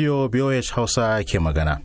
Biyo BOH Hausa ke magana.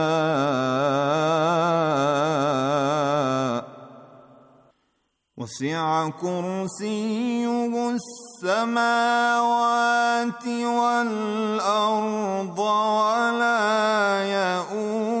وسع كرسيه السماوات والارض ولا يئوس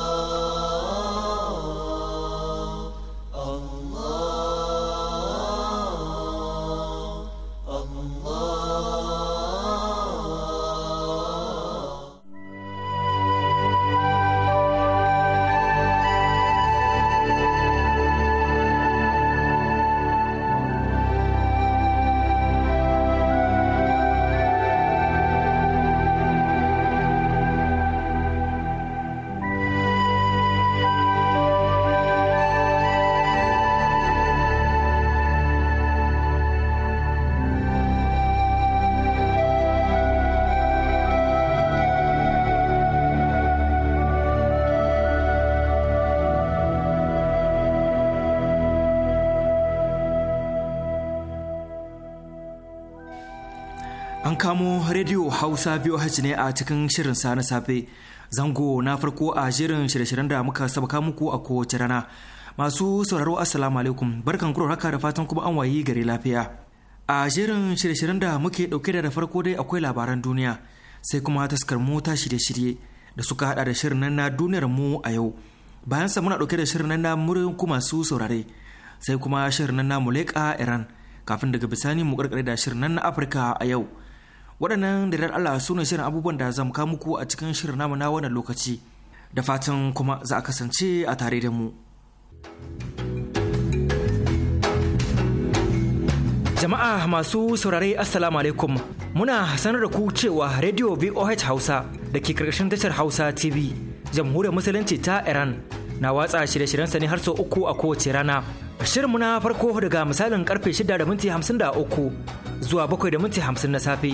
Radio Hausa VOH ne a cikin shirin sa na safe. Zango na farko a shirin shirye-shiryen da muka sabaka muku a kowace rana. Masu sauraro Assalamu alaikum barkan kuro haka da fatan kuma an wayi gari lafiya. A shirin shirye-shiryen da muke dauke da farko dai akwai labaran duniya sai kuma taskar mu ta shirye-shirye da suka hada da shirin nan na duniyar mu a yau. Bayan sa muna dauke da shirin nan na murin ku masu saurare sai kuma shirin nan na Muleka Iran kafin daga bisani mu karkare da shirin nan na Afirka a yau. waɗannan da Allah su ne shirin abubuwan da zan kawo muku a cikin shirin namu na wannan lokaci da fatan kuma za a kasance a tare da mu jama'a masu saurare assalamu alaikum muna sanar da ku cewa radio voh hausa da ke karkashin tashar hausa tv jamhuriyar musulunci ta iran na watsa shirye sa ne har sau uku a kowace rana. shirin na farko daga misalin karfe shida da minti uku zuwa bakwai da minti hamsin na safe.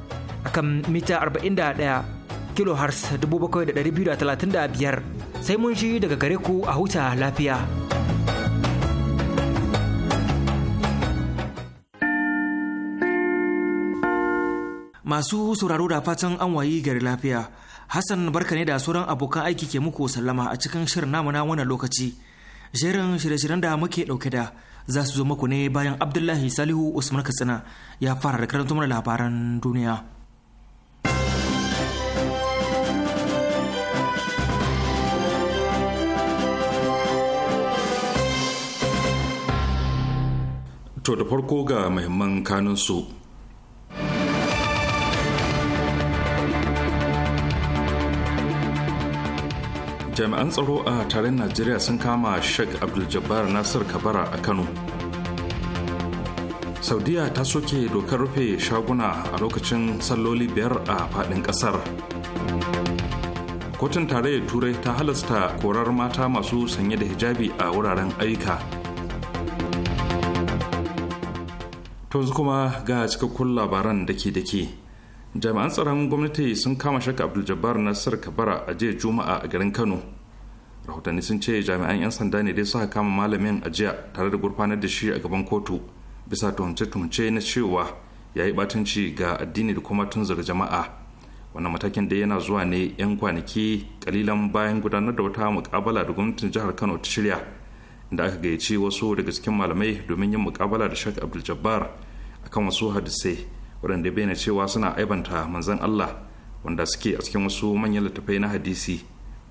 akan mita 41 kilohertz 7,235 sai mun shi daga gare ku a huta lafiya. Masu sauraro da fatan an wayi gari lafiya. Hassan barka ne da sauran abokan aiki ke muku sallama a cikin shirin namu na wannan lokaci. shirin shirye-shiryen da muke ɗauke da za su zo muku ne bayan Abdullahi Salihu Usman Katsina ya fara da karanta labaran duniya. To da farko ga kanun su. Jami'an tsaro a tarin Najeriya sun kama Sheikh Abdul Jabbar Nasir Kabara a Kano. Saudiya ta soke dokar rufe shaguna a lokacin salloli biyar a faɗin ƙasar. Kotun tarayyar Turai ta halasta korar mata masu sanye da hijabi a wuraren ayyuka. to kuma ga cikakkun labaran da ke da ke jami'an tsaron gwamnati sun kama shaka abdul jabbar nasir kabara a jiya juma'a a garin kano rahotanni sun ce jami'an 'yan sanda ne dai suka kama malamin a jiya tare da gurfanar da shi a gaban kotu bisa tuhumce-tuhumce na cewa ya yi batanci ga addini da kuma tunzura jama'a wannan matakin da yana zuwa ne 'yan kwanaki kalilan bayan gudanar da wata mukabala da gwamnatin jihar kano ta shirya da aka gayyaci wasu daga cikin malamai domin yin mukabala da shak abdul jabbar akan wasu hadisai waɗanda bayyana cewa suna aibanta manzon allah wanda suke a cikin wasu manyan littattafai na hadisi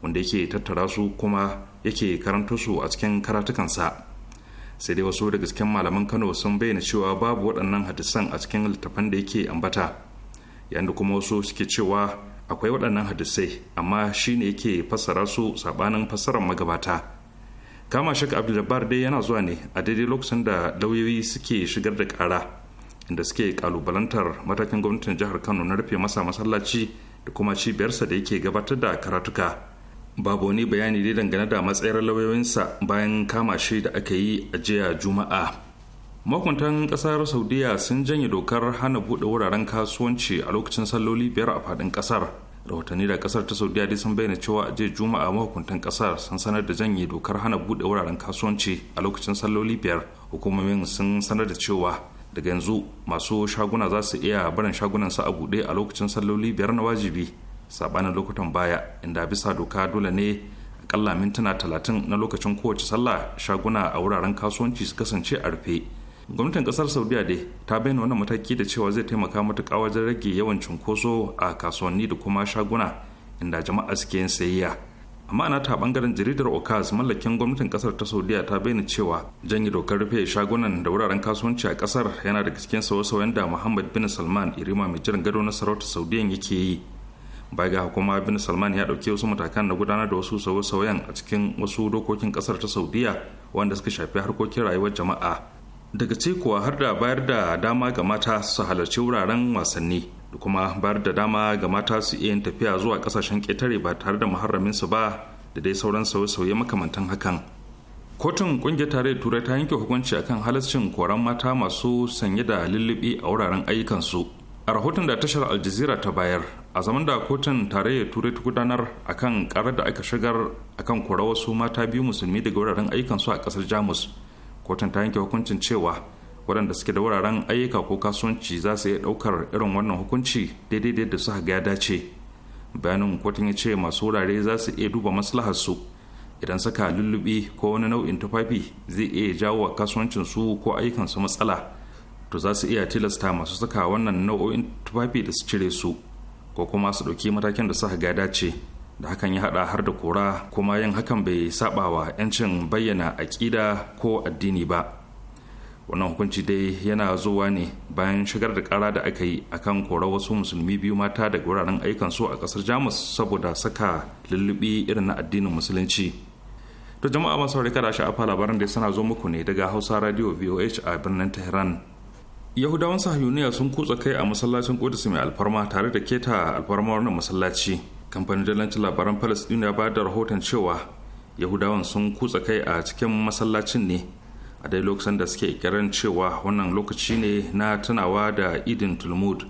wanda yake tattara su kuma yake karanta su a cikin karatukansa sai dai wasu daga cikin malaman kano sun bayyana cewa babu waɗannan hadisan a cikin littattafan da yake ambata yanda kuma wasu suke cewa akwai waɗannan hadisai amma shine yake fassara su sabanin fassarar magabata kama shek abdulbar dai yana zuwa ne a daidai lokacin da lauyoyi suke shigar da kara inda suke kalubalantar matakin gwamnatin jihar kano na rufe masa masallaci da kuma cibiyarsa da yake gabatar da karatuka babu wani bayani dai dangane da matsayar lauyoyinsa bayan kama shi da aka yi a jiya juma'a makuntan kasar saudiya sun janye dokar hana buɗe wuraren kasuwanci a lokacin salloli biyar a faɗin kasar rahotanni da kasar ta saudiya dai sun bayyana cewa a jiya juma'a mahukuntan kasar sun sanar da janye dokar hana bude wuraren kasuwanci a lokacin salloli biyar hukumomin sun sanar da cewa daga yanzu masu shaguna za su iya barin shagunan su a bude a lokacin salloli biyar na wajibi sabanin lokutan baya inda bisa doka dole ne akalla mintuna talatin na lokacin kowace sallah shaguna a wuraren kasuwanci su kasance a rufe gwamnatin kasar saudiya dai ta bayyana wannan mataki da cewa zai taimaka matuƙa wajen rage yawan cunkoso a kasuwanni da kuma shaguna inda jama'a suke yin sayayya amma ana ta bangaren jaridar okaz mallakin gwamnatin kasar ta saudiya ta bayyana cewa janye dokar rufe shagunan da wuraren kasuwanci a kasar yana daga cikin sauye-sauyen da muhammad bin salman irima mai jiran gado na sarauta saudiyan yake yi baya ga kuma bin salman ya dauke wasu matakan na gudanar da wasu sauye-sauyen a cikin wasu dokokin kasar ta saudiya wanda suka shafi harkokin rayuwar jama'a daga ce kuwa har da bayar da dama ga mata su halarci wuraren wasanni da kuma bayar da dama ga mata su iya yin tafiya zuwa kasashen ƙetare ba tare da muharramin su ba da dai sauran sauye-sauye makamantan hakan kotun ƙungiyar tare turai ta yanke hukunci akan halascin koran mata masu sanye da lullubi a wuraren ayyukan su a rahoton da tashar aljazira ta bayar a zaman da kotun tarayyar turai ta gudanar akan karar da aka shigar akan kora wasu mata biyu musulmi daga wuraren ayyukan su a kasar jamus kotun ta yanke hukuncin cewa waɗanda suke da wuraren ayyuka ko kasuwanci za su iya ɗaukar irin wannan hukunci daidai da su suka ga ya dace bayanin kotun ya ce masu wurare za su iya duba maslahar su idan saka lullubi ko wani nau'in tufafi zai iya jawo kasuwancin su ko ayyukan su matsala to za su iya tilasta masu saka wannan nau'o'in tufafi da su cire su ko kuma su ɗauki matakin da suka ga dace da hakan ya hada har da kora kuma yin hakan bai sabawa 'yancin bayyana aƙida ko addini ba wannan hukunci dai yana zuwa ne bayan shigar da kara da aka yi akan kora wasu musulmi biyu mata daga wuraren aikan su a kasar jamus saboda saka lullubi irin na addinin musulunci to jama'a masu kada da sha'afa labaran da sana zo muku ne daga hausa radio voh a birnin tehran yahudawan sahiyuniya sun kutsa kai a masallacin kudus mai alfarma tare da keta alfarmar wannan masallaci kamfanin dalancin labaran palestine ya bayar da rahoton cewa yahudawan sun kutsa kai a cikin masallacin ne a dai lokacin da suke kiran cewa wannan lokaci ne na tunawa da idin tulmud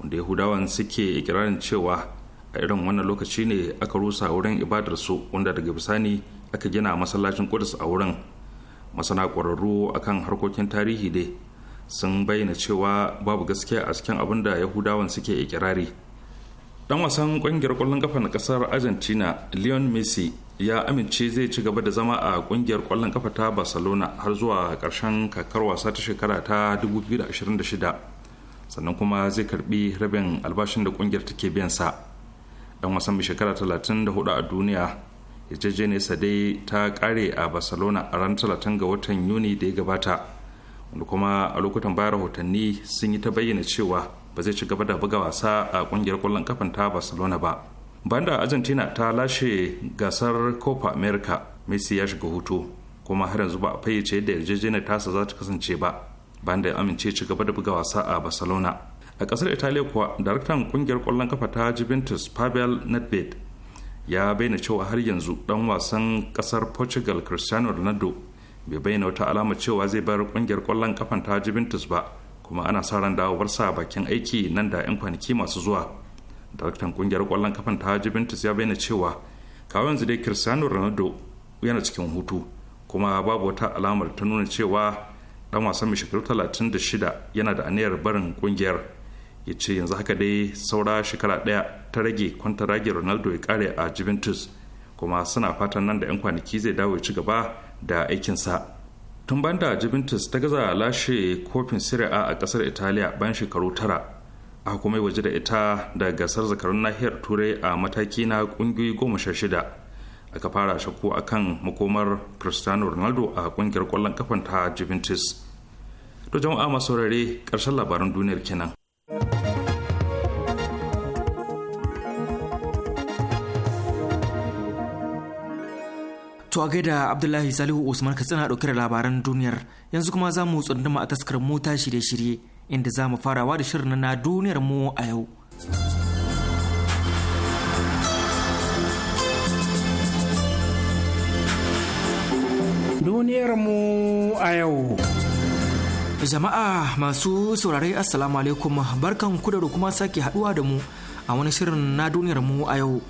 wanda yahudawan suke ikirarin cewa a irin wannan lokaci ne aka rusa wurin ibadarsu wanda daga bisani aka gina masallacin kudus a wurin masana ƙwararru akan harkokin tarihi dai sun bayyana cewa babu gaskiya a cikin abin da yahudawan suke ikirari dan wasan kungiyar kwallon kafa na kasar argentina leon messi ya amince zai ci gaba da zama a kungiyar kwallon kafa ta barcelona har zuwa karshen kakar wasa ta shekara ta 2026 sannan kuma zai karbi rabin albashin da kungiyar take biyan sa dan wasan mai shekara 34 a duniya yarjejeniyarsa dai ta kare a barcelona a ran 30 ga watan yuni da ya gabata wanda kuma a lokutan baya rahotanni sun yi ta bayyana cewa ba zai ci gaba da buga wasa a kungiyar kwallon kafan ta barcelona ba bayan da argentina ta lashe gasar copa america messi ya shiga hutu kuma har yanzu ba a fayyace yadda yarjejeniyar tasa za ta kasance ba bayan da ya amince ci gaba da buga wasa a barcelona a kasar italiya kuwa daraktan kungiyar kwallon kafa ta juventus pavel nedved ya bayyana cewa har yanzu dan wasan kasar portugal cristiano ronaldo bai bayyana wata alama cewa zai bar kungiyar kwallon kafan ta juventus ba kuma ana sa ran dawowar sa bakin aiki nan da 'yan kwanaki masu zuwa daraktan kungiyar kwallon kafan ta juventus ya bayyana cewa kawo yanzu dai cristiano ronaldo yana cikin hutu kuma babu wata alamar ta nuna cewa dan wasan mai shekaru 36 yana da aniyar barin kungiyar ya ce yanzu haka dai saura shekara daya ta rage kwanta rage ronaldo ya kare a juventus kuma suna fatan nan da 'yan kwanaki zai dawo ya ci gaba da aikinsa tun banda juventus ta gaza lashe kofin serie a a kasar italiya bayan shekaru tara a kuma waje da ita da gasar zakarun nahiyar turai a mataki na kungiyoyi goma sha shida aka fara shakku kan makomar cristiano ronaldo a kungiyar kwallon kafan ta juventus to jama'a masu rare karshen labaran duniyar kenan To a gaida Abdullahi Salihu Usman Katsina ɗauke da labaran duniyar yanzu kuma za mu tsunduma a taskar mota shirye-shirye inda za mu farawa da shirin na duniyar mu a yau. Duniyar mu a yau. Jama'a masu saurare Assalamu alaikum barkan ku da kuma sake haɗuwa da mu a wani shirin na duniyar mu a yau.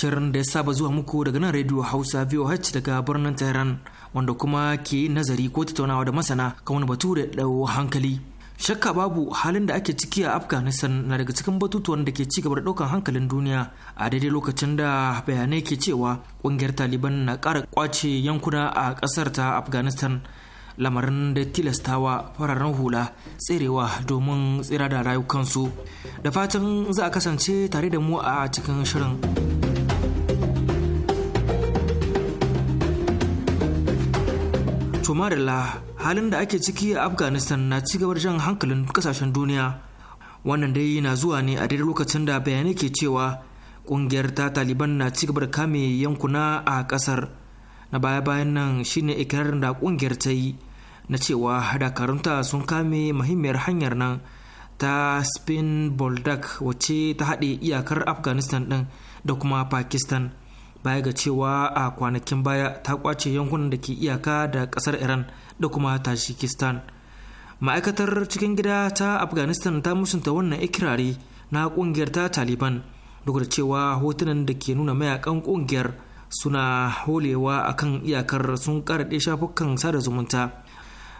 shirin da ya saba zuwa muku daga nan rediyo hausa voh daga birnin tehran wanda kuma ke nazari ko tattaunawa da masana kan wani batu da ɗau hankali shakka babu halin da ake ciki a afghanistan na daga cikin batutuwan da ke ci gaba da ɗaukan hankalin duniya a daidai lokacin da bayanai ke cewa ƙungiyar taliban na ƙara kwace yankuna a ƙasar ta afghanistan lamarin da tilastawa fararen hula tserewa domin tsira da rayukansu da fatan za a kasance tare da mu a cikin shirin. To marilla halin da ake ciki a Afghanistan na ci gaba da jan hankalin kasashen duniya. Wannan dai na zuwa ne a daidai lokacin da bayanai ke cewa kungiyar ta Taliban na ci gaba da kame yankuna a kasar. Na baya-bayan nan shine ikirarin da kungiyar ta yi na cewa dakarunta sun kame muhimmiyar hanyar nan ta Spin Boldak wacce ta haɗe iyakar Afghanistan ɗin da kuma Pakistan. baya ga cewa a kwanakin baya ta kwace yankunan da ke iyaka da kasar iran da kuma tajikistan ma'aikatar cikin gida ta afghanistan ta musunta wannan ikirari na kungiyar ta taliban duk da cewa hotunan da ke nuna mayakan kungiyar suna holewa a kan iyakar sun karaɗe shafukan sada zumunta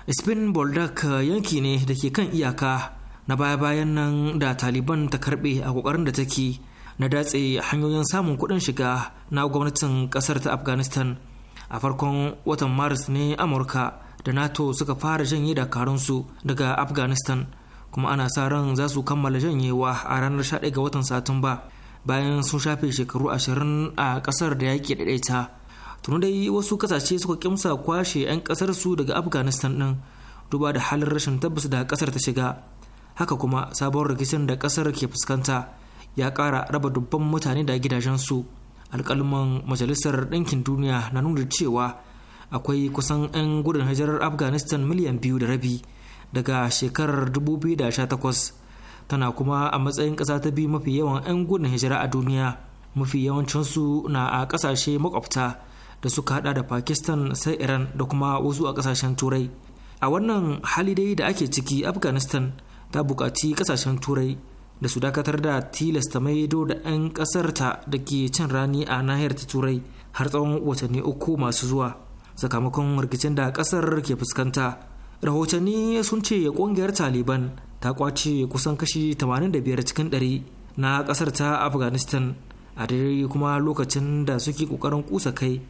spin boldak yanki ne da ke kan iyaka na baya-bayan nan da taliban ta karbe a kokarin da take na datse hanyoyin samun kuɗin shiga na gwamnatin ƙasar ta afghanistan a farkon watan maris ne amurka da nato suka fara janye dakarunsu daga afghanistan kuma ana sa ran za su kammala janyewa a ranar 11 ga watan satumba bayan sun shafe shekaru 20 a ƙasar da yake daidaita tuni dai wasu kasashe suka kimsa kwashe 'yan ƙasar daga afghanistan ɗin duba da halin rashin tabbas da ƙasar ta shiga haka kuma sabon rikicin da ƙasar ke fuskanta ya kara raba dubban mutane da gidajensu alkalman majalisar ɗinkin duniya na nuna cewa akwai kusan 'yan gudun hijirar afghanistan miliyan biyu da rabi daga shekarar 2018 tana kuma a matsayin ƙasa ta biyu mafi yawan 'yan gudun hijira a duniya mafi yawancinsu na a ƙasashe makwabta da suka hada da pakistan sai iran da kuma wasu a ƙasashen turai a wannan hali dai da ake ciki afghanistan ta buƙaci ƙasashen turai da su dakatar da tilasta maido da 'yan kasar ta da ke cin rani a nahiyar ta turai har tsawon watanni uku masu zuwa sakamakon rikicin da kasar ke fuskanta rahotanni sun ce ƙungiyar taliban ta kwace kusan kashi 85 cikin 100 na kasar ta afghanistan a daidai kuma lokacin da suke ƙoƙarin kusa kai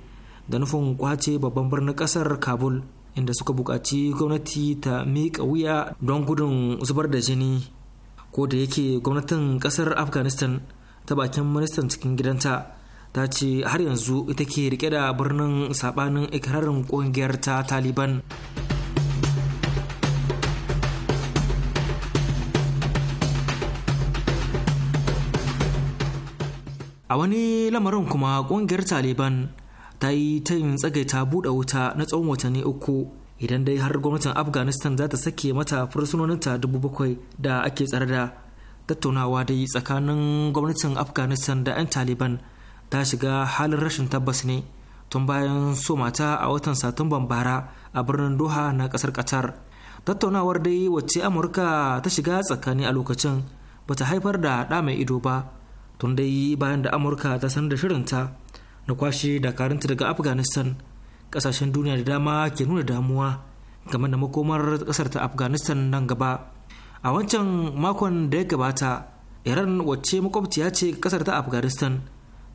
da nufin kwace babban birnin ƙasar kabul inda suka buƙaci gwamnati ta miƙa wuya don gudun zubar da jini ko da yake gwamnatin kasar afghanistan ta bakin ministan cikin gidanta ta ce har yanzu ita ke rike da birnin sabanin ikirarin kungiyar ta taliban a wani lamarin kuma kungiyar taliban ta yi tayin tsagaita buɗe wuta na tsawon watanni uku idan dai har gwamnatin afghanistan za ta sake mata fursunoninta dubu bakwai da ake tsare da tattaunawa dai tsakanin gwamnatin afghanistan da 'yan taliban ta shiga halin rashin tabbas ne tun bayan so mata a watan satumban bara a birnin doha na kasar qatar tattaunawar dai wacce amurka ta shiga tsakani a lokacin ba ta haifar da ɗa mai ido ba tun dai bayan da amurka ta sanar da shirinta na kwashe dakarunta daga afghanistan kasashen duniya da dama ke nuna damuwa game da makomar kasar ta afghanistan nan gaba a wancan makon da ya gabata iran wacce makwabciya ce kasar ta afghanistan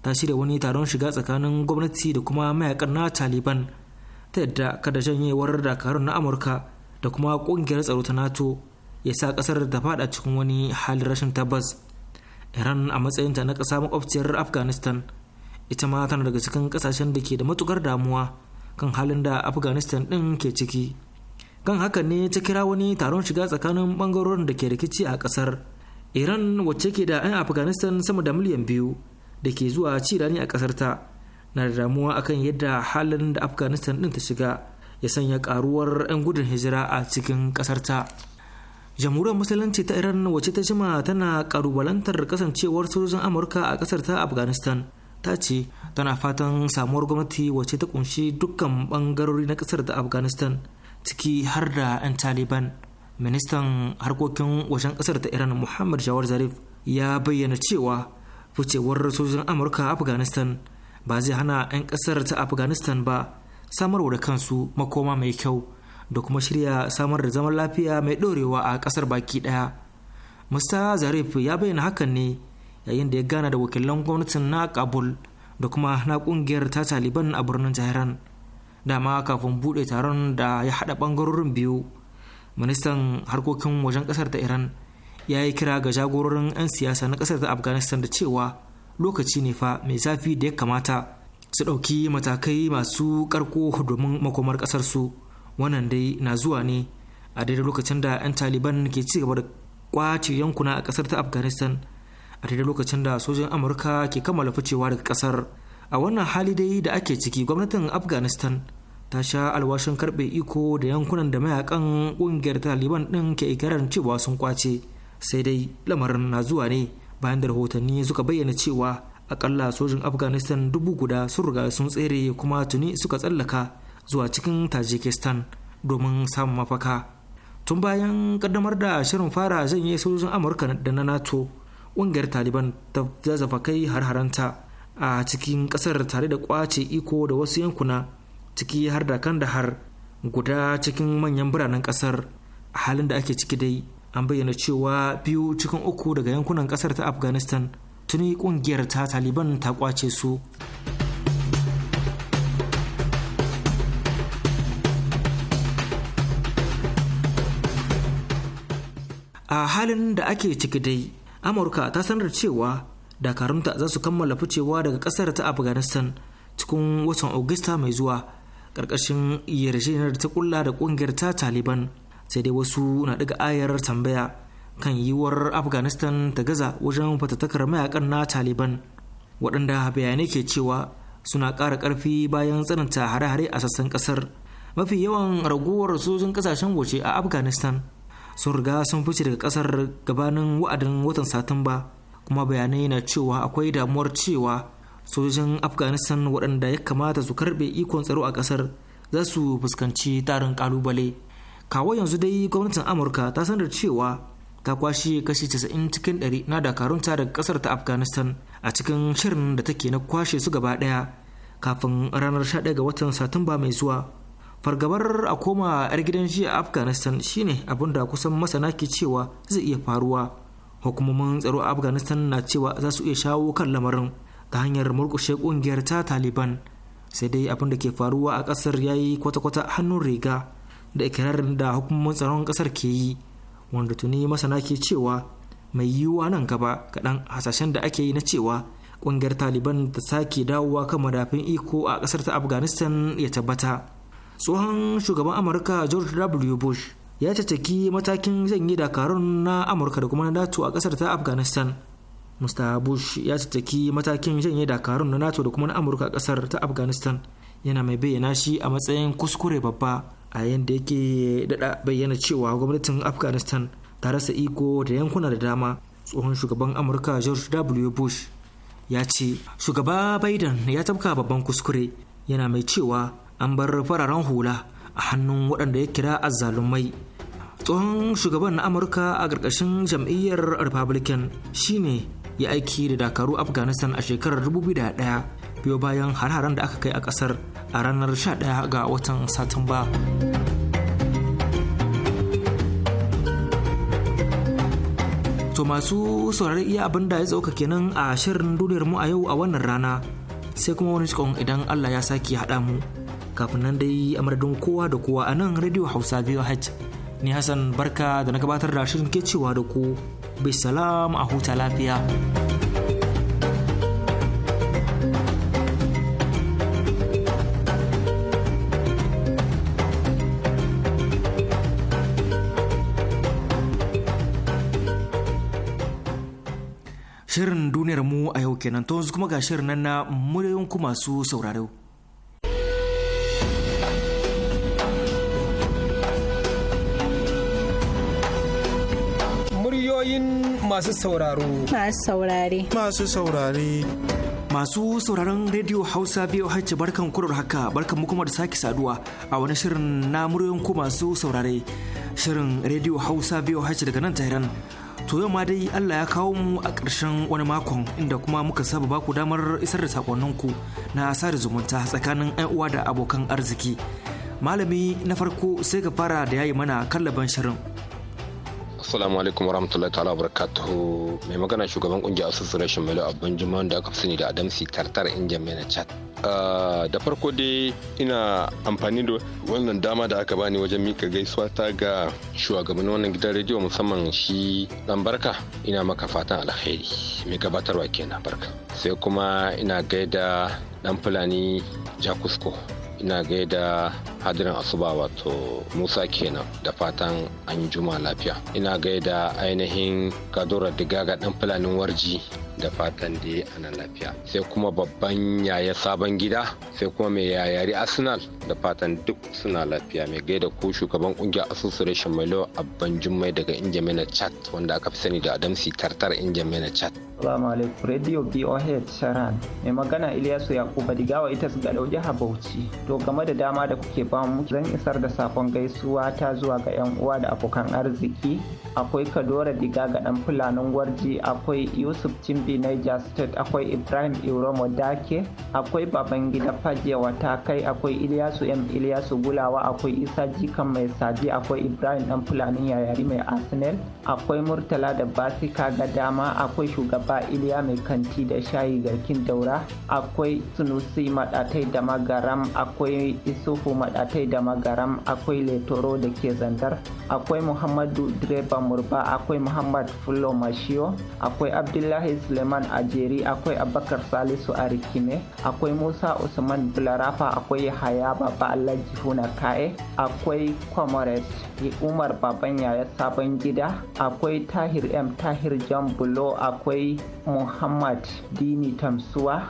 ta shirya wani taron shiga tsakanin gwamnati da kuma mayakan na taliban ta yadda kada janyewar dakarun na amurka da kuma kungiyar tsaro ta nato ya sa kasar ta fada cikin wani halin rashin tabbas iran a matsayinta na kasa makwabciyar afghanistan ita ma tana daga cikin kasashen da ke da matukar damuwa kan halin da afghanistan ɗin ke ciki kan haka ne ta kira wani taron shiga tsakanin ɓangarorin da ke rikici a ƙasar iran wacce ke da 'yan afghanistan sama da miliyan biyu da ke zuwa cirani a ƙasar ta na da damuwa akan yadda halin da afghanistan ɗin ta shiga ya sanya karuwar 'yan gudun hijira a cikin ƙasar ta jamhuriyar musulunci ta iran wacce ta jima tana karubalantar kasancewar sojojin amurka a ƙasar ta afghanistan ta ce tana fatan samuwar gwamnati wacce ta kunshi dukkan bangarori na kasar da afghanistan ciki har da 'yan taliban ministan harkokin wajen kasar ta iran muhammad jawar zarif ya bayyana cewa wucewar sojojin amurka a afghanistan ba zai hana 'yan kasar ta afghanistan ba samarwa da kansu makoma mai kyau da kuma shirya samar da zaman lafiya mai dorewa a kasar baki daya musta zarif ya bayyana hakan ne yayin da ya gana da wakilan gwamnatin na kabul da kuma na kungiyar ta taliban a birnin tehran dama kafin bude taron da ya hada bangarorin biyu ministan harkokin wajen kasar ta iran ya yi kira ga jagororin 'yan siyasa na kasar ta afghanistan da cewa lokaci ne fa mai zafi da ya kamata su ɗauki matakai masu karko domin makomar kasar su wannan dai na zuwa ne a daidai lokacin da 'yan taliban ke ci gaba da kwace yankuna a kasar ta afghanistan a daidai lokacin da sojin amurka ke kammala ficewa daga kasar a wannan hali dai da ake ciki gwamnatin afghanistan ta sha alwashin karbe iko da yankunan da mayakan kungiyar taliban din ke ikirarin cewa sun kwace sai dai lamarin na zuwa ne bayan da rahotanni suka bayyana cewa akalla sojin afghanistan dubu guda sun riga sun tsere kuma tuni suka tsallaka zuwa cikin tajikistan domin samun mafaka tun bayan kaddamar da shirin fara janye sojin amurka da na nato ƙungiyar taliban ta zazzafa kai har-haranta a cikin ƙasar tare da kwace iko da wasu yankuna ciki har da kan da har guda cikin manyan biranen ƙasar a halin da ake ciki dai an bayyana cewa biyu cikin uku daga yankunan ƙasar ta afghanistan tuni ƙungiyar ta taliban ta kwace su a halin da ake ciki dai amurka ta sanar cewa dakarunta za su kammala ficewa daga kasar ta afghanistan cikin watan augusta mai zuwa karkashin yarjejeniyar ta kulla da kungiyar ta taliban sai dai wasu na daga ayar tambaya kan yiwuwar afghanistan ta gaza wajen fatattakar mayakan na taliban waɗanda bayanai ke cewa suna ƙara ƙarfi bayan tsananta hare-hare a sassan ƙasar mafi yawan raguwar sojin ƙasashen waje a afghanistan sun riga sun fice daga kasar gabanin wa'adin watan satumba kuma bayanai na cewa akwai damuwar cewa sojojin afghanistan waɗanda ya kamata su karɓe ikon tsaro a ƙasar za su fuskanci tarin kalubale kawo yanzu dai gwamnatin amurka ta sanar cewa ta kwashe kashi 90 cikin 100 na dakarunta daga ƙasar ta afghanistan a cikin shirin da take na kwashe su gaba ɗaya kafin ranar 11 ga watan satumba mai zuwa fargabar a koma 'yar gidan jiya a afghanistan shine abin da kusan masana ke cewa zai iya faruwa hukumomin tsaro a afghanistan na cewa za su iya shawo kan lamarin ta hanyar murkushe kungiyar ta taliban sai dai abin da ke faruwa a kasar ya yi kwata-kwata hannun riga da ikirarin da hukumomin tsaron kasar ke yi wanda tuni masana ke cewa mai yiwuwa nan gaba kaɗan hasashen da ake yi na cewa kungiyar taliban ta sake dawowa kan madafin iko a kasar ta afghanistan ya tabbata tsohon shugaban amurka george w bush ya cataki matakin yi dakarun na amurka da kuma na nato a kasar ta afghanistan mr bush ya cataki matakin yi dakarun na nato da kuma na amurka a kasar ta afghanistan yana mai bayyana shi a matsayin kuskure babba a yayin da yake dada bayyana cewa gwamnatin afghanistan ta rasa iko da yankuna da dama tsohon shugaban amurka george w bush ya ce shugaba biden ya tabka babban kuskure yana mai cewa an bar fararen hula a hannun waɗanda ya kira azzalumai tsohon shugaban na amurka a ƙarƙashin jam'iyyar republican shine ya aiki da dakaru afghanistan a shekarar da ɗaya biyo bayan har-haren da aka kai a ƙasar a ranar sha ɗaya ga watan satumba to masu saurari iya abin da ya tsauka kenan a shirin duniyar mu a yau a wannan rana sai kuma wani cikon idan allah ya sake haɗa mu kafin nan dai a kowa da kowa a nan radio hausa biyu voh ni hassan barka da na gabatar da shirin ke cewa da ku salam a huta lafiya Shirin duniyar mu a yau kenan to kuma ga shirin nan na muryoyin ku masu sauraro. masu sauraro. Masu saurare. Masu saurare. Masu sauraron Radio Hausa BOH barkan kurar haka barkan mu kuma da sake saduwa a wani shirin na muryoyin ku masu saurare shirin Radio Hausa biyu hajji daga nan Tehran. To yau ma dai Allah ya kawo mu a ƙarshen wani makon inda kuma muka saba baku damar isar da sakonninku na sada zumunta tsakanin 'yan uwa da abokan arziki. Malami na farko sai ka fara da yayi mana kallaban shirin. Assalamu alaikum warahmatullahi ta'ala barakatuhu. Mai magana shugaban kungiyar Association Melo Abban Juma'an da aka fi sani da Adamsi Tartar Injin Mena Chat. Ah, da farko dai ina amfani da wannan dama da aka bani wajen mika gaisuwa ta ga shugaban wannan gidan rediyo musamman shi dan barka ina maka fatan alheri mai gabatarwa kenan barka sai kuma ina gaida dan fulani jakusko ina gaida hadirin asuba wato musa kenan da fatan an juma lafiya ina gaida ainihin kadura digaga dan fulanin warji da fatan da ana lafiya sai kuma babban yaya sabon gida sai kuma mai yayari arsenal da fatan duk suna lafiya mai gaida ko shugaban kungiyar association mai lawa abban jummai daga injamena chat wanda aka fi sani da adamsi tartar injamena chat Assalamu alaikum Radio BOH Sharan. Mai magana Ilyasu Yakuba Digawa ita su gaɗau jihar Bauchi. To game da dama da kuke ba mu zan isar da sakon gaisuwa ta zuwa ga 'yan uwa da abokan arziki. Akwai Kadora Diga ga ɗan Fulanin Gwarji, akwai Yusuf Cim yobe niger state akwai ibrahim iromo dake akwai babangida fajewa ta akwai iliyasu m iliyasu gulawa akwai isa jikan mai saji akwai ibrahim dan fulani yayari mai arsenal akwai murtala da basika ga dama akwai shugaba iliya mai kanti da shayi garkin daura akwai sunusi madatai da magaram akwai isufu madatai da magaram akwai letoro da ke zandar akwai muhammadu direba murba akwai muhammad fulo mashiyo akwai abdullahi suleiman ajeri akwai abakar salisu arikime akwai musa usman bularafa akwai yahaya baba alhaji huna kae akwai comrade umar baban yaya sabon gida akwai tahir m tahir jambulo akwai muhammad dini tamsuwa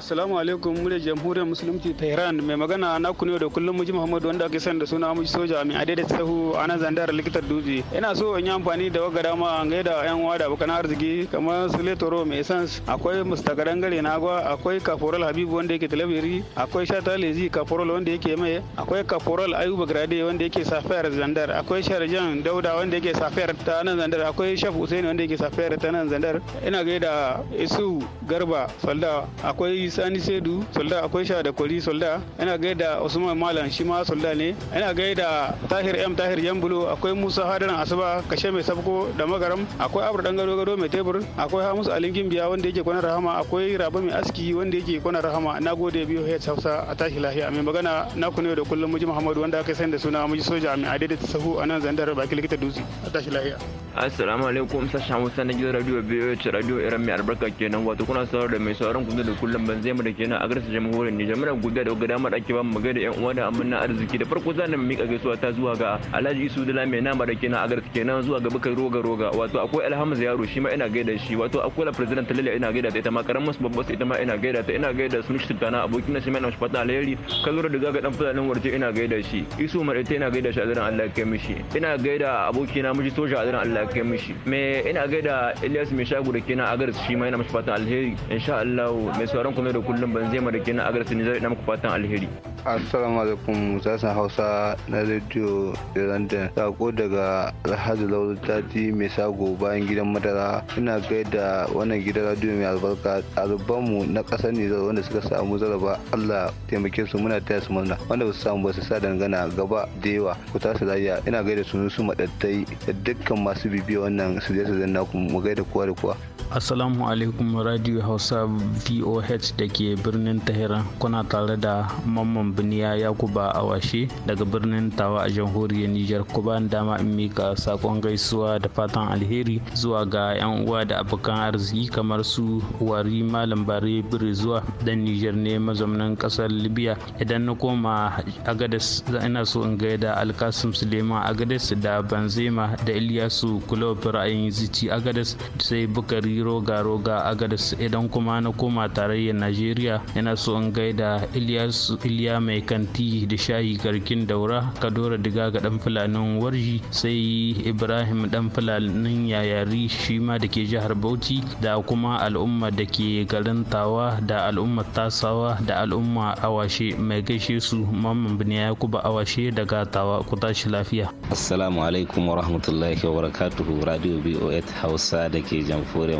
Assalamu alaikum mu jamhuriyar musulunci ta Iran mai magana na ku ne da kullum muji Muhammadu wanda ake sani da suna muji soja mai adai da tsahu a nan zandar likitar dutse. Ina so in yi amfani da waga dama an da yan uwa da abokan arziki kamar Sule Toro mai sans akwai Mustaka Dangare na agwa akwai Kaforal Habibu wanda yake talabiri akwai Shata Lezi Kaforal wanda yake mai akwai Kaforal Ayuba Grade wanda yake safiyar zandar akwai Sharjan Dauda wanda yake safiyar ta nan zandar akwai Shaf Hussein wanda yake safiyar ta nan zandar ina gai da Isu Garba Salda akwai sani sedu solda akwai sha da kwari solda yana gaida usman malam shi ma solda ne yana gaida tahir m tahir jambulo akwai musa hadaran asuba kashe mai sabko da magaram akwai abu dan gado gado mai tebur akwai hamus alingin biya wanda yake kwana rahama akwai rabu mai aski wanda yake kwana rahama na gode biyu hayat hausa a tashi lahiya mai magana na ku ne da kullum muji muhammadu wanda aka sani da suna muji soja mai adai da sahu a nan zandar baki likita dutse a tashi lahiya assalamu alaikum sashen hausa na gidan radio biyu radio iran mai albarka kenan wato kuna saurar da mai sauran kuma da kullum zai mu da ke nan a garsa jamhuriyar Nijar muna godiya da gudama damar ake bamu da yan uwa da na arziki da farko zan mu mika gaisuwa ta zuwa ga Alhaji Isu Dala mai nama da ke nan a garsa kenan zuwa ga Bukar Roga Roga wato akwai Alhamis Yaro shi ma ina gaida shi wato akwai la president Lalle ina gaida ta ita ma karamin babba ita ma ina gaida ta ina gaida su Mushi Tana abokin shi mai nama Shafata Alheri Kalura da gaga dan fulanin warje ina gaida shi Isu Marita ina gaida shi a daren Allah ya kai mishi ina gaida abokina miji soja a daren Allah ya kai mishi me ina gaida Ilyas mai shago da ke nan a garsa shi ma ina mashi fatan alheri insha Allah mai sauran kuma da kullum ban zai mara kenan agarsu ne zai ina muku fatan alheri assalamu alaikum sassan hausa na radio london sako daga alhaji lauru tati mai sago bayan gidan madara ina gaida wannan gidan radio mai albarka albanmu na ƙasar ne wanda suka samu zaraba allah taimake su muna taya su murna wanda ba su samu ba su sa dangana gaba da yawa ku tashi rayuwa. ina gaida su su maɗattai da dukkan masu bibiya wannan su je su zanna ku mu gaida kowa da kowa Assalamu alaikum Radio Hausa VOH da ke birnin Tehran kuna tare da Mamman Biniya Yakuba Awashe daga birnin Tawa a jamhuriyar Nijar kuma dama in mika sakon gaisuwa da fatan alheri zuwa ga 'yan uwa da abokan arziki kamar su Wari Malam Bare Bire zuwa dan Nijar ne mazaunin kasar Libya idan na koma Agadez ina so in gaida Alkasim Suleiman agades da Banzema da Ilyasu Kulob ra'ayin Zici Agadez sai Bukari yi roga roga gadas idan kuma na koma tarayyar najeriya yana so in gaida ilyas iliya mai kanti da shayi garkin daura kadora diga ga dan fulanin warji sai ibrahim dan fulanin yayari shi ma da ke jihar bauchi da kuma al'umma da ke garin tawa da al'ummar tasawa da al'umma awashe mai gaishe su mamman bin yakuba awashe daga tawa ku tashi lafiya assalamu alaikum wa rahmatullahi wa barakatuhu radio boh hausa da ke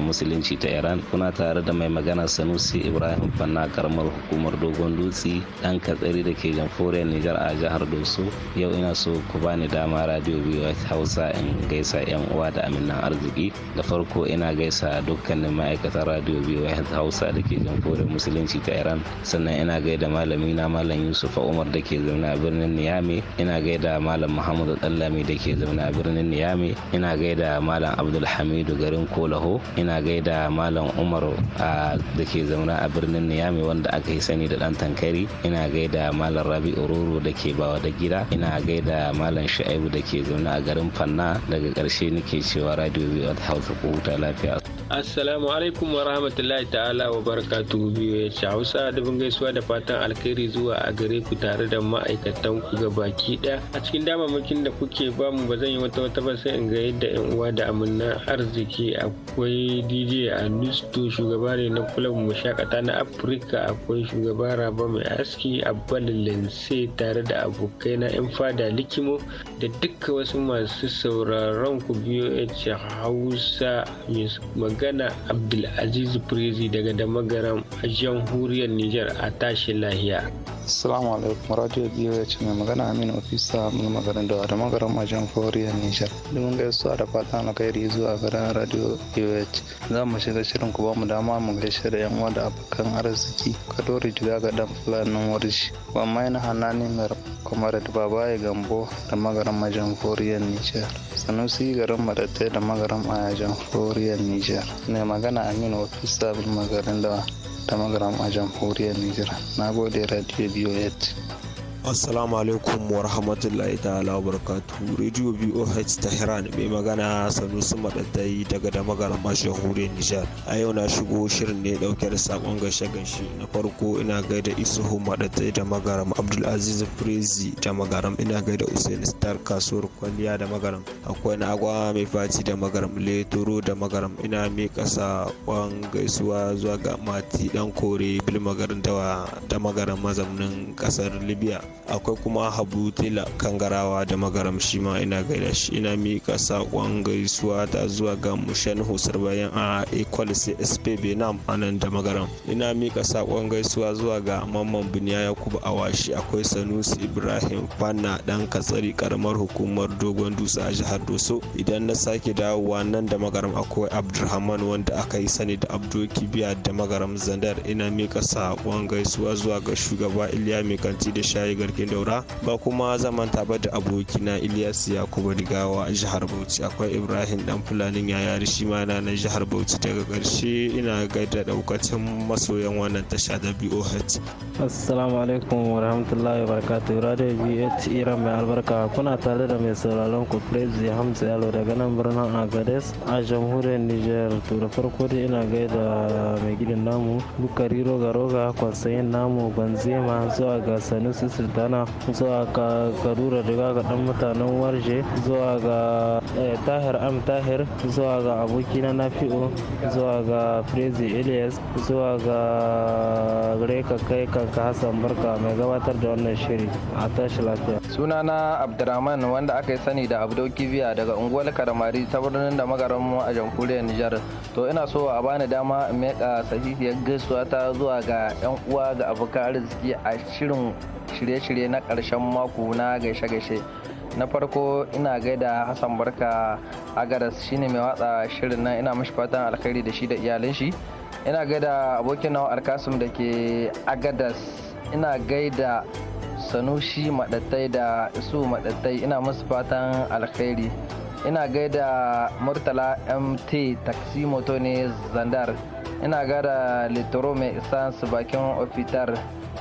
musulunci ta iran kuna tare da mai magana sanusi ibrahim fanna karamar hukumar dogon dutse dan katsari da ke jamforiyar nijar a jihar doso yau ina so ku bani dama radio biyu hausa in gaisa yan uwa da aminan arziki da farko ina gaisa dukkanin ma'aikatan radio biyu hausa da ke jamforiyar musulunci ta iran sannan ina gaida malami na malam yusuf umar da ke zaune a birnin niyame ina gaida malam muhammadu dallami da ke zaune a birnin niyame ina gaida malam abdulhamidu garin kolaho ina ina gaida malam umar da ke zauna a birnin niyami wanda aka yi sani da dan tankari ina gaida malam rabi ororo da ke bawa da gida ina gaida malam sha'ibu da ke zauna a garin fanna daga karshe nake cewa radio biyar hausa ko huta lafiya assalamu alaikum wa rahmatullahi ta'ala wa barakatu biyu ya ci hausa dubin gaisuwa da fatan alkhairi zuwa a gare ku tare da ma'aikatan ku ga baki daya a cikin damamakin da kuke bamu ba zan yi wata wata ba sai in ga yadda yan uwa da amina arziki akwai dj anusto shugaba ne na kulab mashakata na afirka akwai shugaba raba mai aski abbal linse tare da abokai na yan fada likimo da dukkan wasu masu sauraron ku biyo hausa mai magana abdulaziz prezi daga damagaram a jamhuriyar niger a tashi lahiya Assalamu alaikum radio ce mai magana Aminu Ofisa mai magana da da magaran Jan Foriya Nijar. Domin gaisuwa da fata na kai zuwa garin radio DOH. Za mu shiga shirin ku ba mu dama mu gaishe da yan uwa da abokan arziki. Kadori Jiga ga dan fulanin warji. Wa mai na hannani mai kuma da babaye gambo da magaran majan Foriya Nijar. Sanusi garin madattai da magaran Jan Foriya Nijar. Mai magana Aminu Ofisa mai magaran da da magaram a jamhuriyar Nijar. Na gode Radio BOH. Assalamu alaikum wa rahmatullahi ta'ala wa barakatuhu. Radio BOH Tehran mai magana Sanusi Madaddai daga damagaran mashahuriyar Nijar. A yau na shigo shirin ne dauke da sakon gaishe gaishe. Na farko ina gaida Isuhu Madaddai da magaram Abdulaziz Prezi da magaram ina gaida Usain Star kasuwar kwalliya da magaram. Akwai na agwa mai fati da magaram Leturo da magaram ina kasa sakon gaisuwa zuwa ga Mati dan kore Bilmagarin da magaram mazaunin kasar Libya. akwai kuma habu tela kangarawa da magaram shi ma ina gaida shi ina mika sakon gaisuwa ta zuwa ga mushen husar bayan a equal sp benam a nan da magaram ina mika sakon gaisuwa zuwa ga mamman biniya yakubu awashi akwai sanusi ibrahim fanna dan katsari karamar hukumar dogon dutse a jihar doso idan na sake dawowa nan da magaram akwai abdulrahman wanda aka yi sani da abdul kibiya da magaram zandar ina mika sakon gaisuwa zuwa ga shugaba iliya mai kanti da shayi garken daura ba kuma zaman taba da abokina ilyas yakubu rigawa a jihar bauchi akwai ibrahim dan fulanin yaya shi ma na jihar bauchi daga karshe ina gaida daukacin masoyan wannan tasha da boh assalamu alaikum wa rahmatullahi wa barakatuh radio bh iran mai albarka kuna tare da mai sauraron ku prezi hamza yalo daga nan birnin agades a jamhuriyar niger to da farko dai ina gaida mai gidan namu bukari roga roga kwansayin namu banzema zuwa ga sanusi dana zuwa ga garura ga dan mutanen warje zuwa ga eh, tahir am tahir zuwa ga aboki na nafi'u zuwa ga frezi elias zuwa ga greka kai kanka hassan barka mai gabatar da wannan shiri a tashi lafiya sunana abdurrahman wanda aka yi sani da abdo kibiya daga unguwar karamari ta birnin da magaran a jamhuriyar nijar to ina so a bani dama in meka sahihiyar gaisuwa ta zuwa ga yan uwa ga abokan arziki a shirin shirye-shirye na ƙarshen mako na gaishe-gaishe na farko ina gaida hassan barka agaras shine mai watsa shirin nan ina mashi fatan alkhairi da shi da iyalin shi ina gaida abokin nawa alkasum da ke agadas ina gaida sanushi maɗattai da isu maɗattai ina musu fatan alkhairi ina gaida murtala mt taxi moto ne zandar ina gaida litoro mai isa su bakin ofitar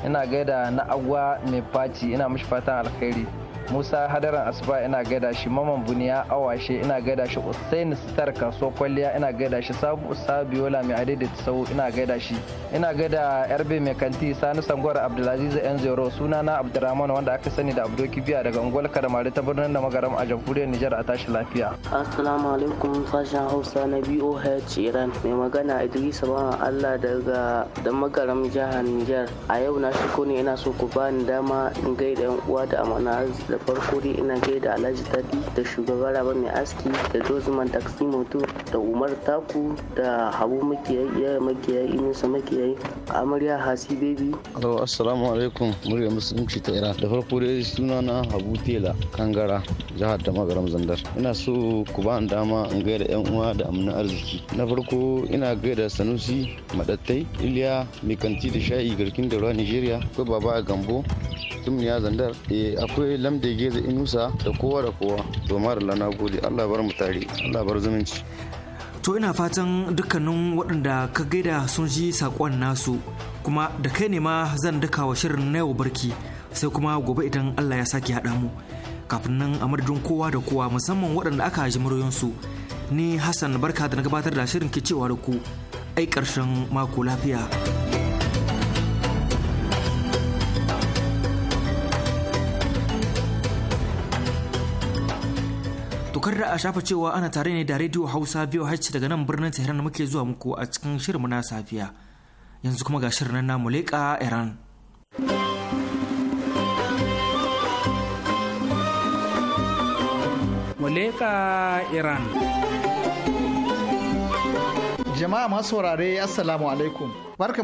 ina gaida na agwa mai faci ina mishi fatan alkhairi musa hadaran asuba ina gaida shi maman buniya awashe ina gaida shi usaini sitar kaso kwalliya ina gaida shi sabu sabiola mai adede da ina gaida shi ina gaida yarbe mai kanti sani sangwar abdulaziz yan zero suna na abdurrahman wanda aka sani da abdoki biya daga unguwar karamari ta birnin da magaram a jamhuriyar nijar a tashi lafiya assalamu alaikum sashen hausa na boh iran mai magana idris ba allah daga da magaram jihar nijar a yau na shiko ne ina so ku bani dama in gaida yan uwa da amana da farko dai ina gaida alhaji Tadi da shugaba raba mai aski da dozman taxi moto da umar taku da habu makiyayi makiyayi inusa makiyayi amarya hasi baby alo assalamu alaikum murya musulunci ta iran da farko dai suna na habu tela kangara jihar da magaram zandar ina so ku ba dama in gaida yan uwa da amina arziki na farko ina gaida sanusi madattai iliya mai kanti da sha'i garkin ruwa nigeria ko baba gambo ya zandar eh, akwai lamde geza inusa da kowa da kowa to mara na gode allah bar mu tare allah bar zumunci to ina fatan dukkanin waɗanda ka gaida sun ji saƙon nasu kuma da kai ne ma zan daka wa shirin na yau barki sai kuma gobe idan allah ya sake haɗa mu kafin nan a madadin kowa da kowa musamman waɗanda aka ji muryoyinsu ni hassan barka da na gabatar da shirin ke cewa da ku ai ƙarshen mako lafiya. kar da a shafa cewa ana tare ne da rediyo hausa biyu hacci daga nan birnin tehran da muke zuwa muku a cikin shirin na safiya yanzu kuma ga shirin na muleka iran muleka iran jama'a masu wurare assalamu alaikum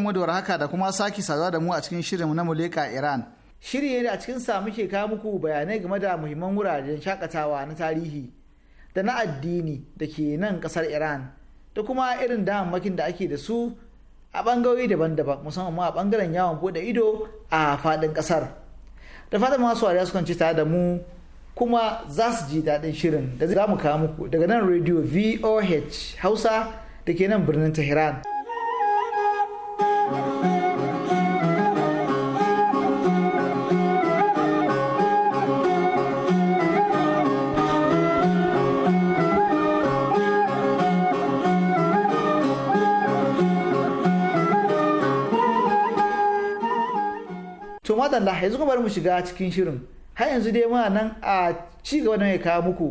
mu da haka da kuma saki saduwa da mu a cikin shirin na muleka iran shiri ne da a cikinsa muke kawo muku bayanai game da muhimman wuraren shakatawa na tarihi da na addini da ke nan kasar iran da kuma irin damammakin da ake da su a bangarori daban-daban musamman ma a bangaren yawon bude ido a fadin kasar da fatan masu wariya sukan ci tare da mu kuma za su ji daɗin shirin da za mu kawo muku daga nan radio voh hausa da ke nan birnin tehran. Allah ya zuka bari mu shiga cikin shirin har yanzu dai muna nan a ci gaba da mai kawo muku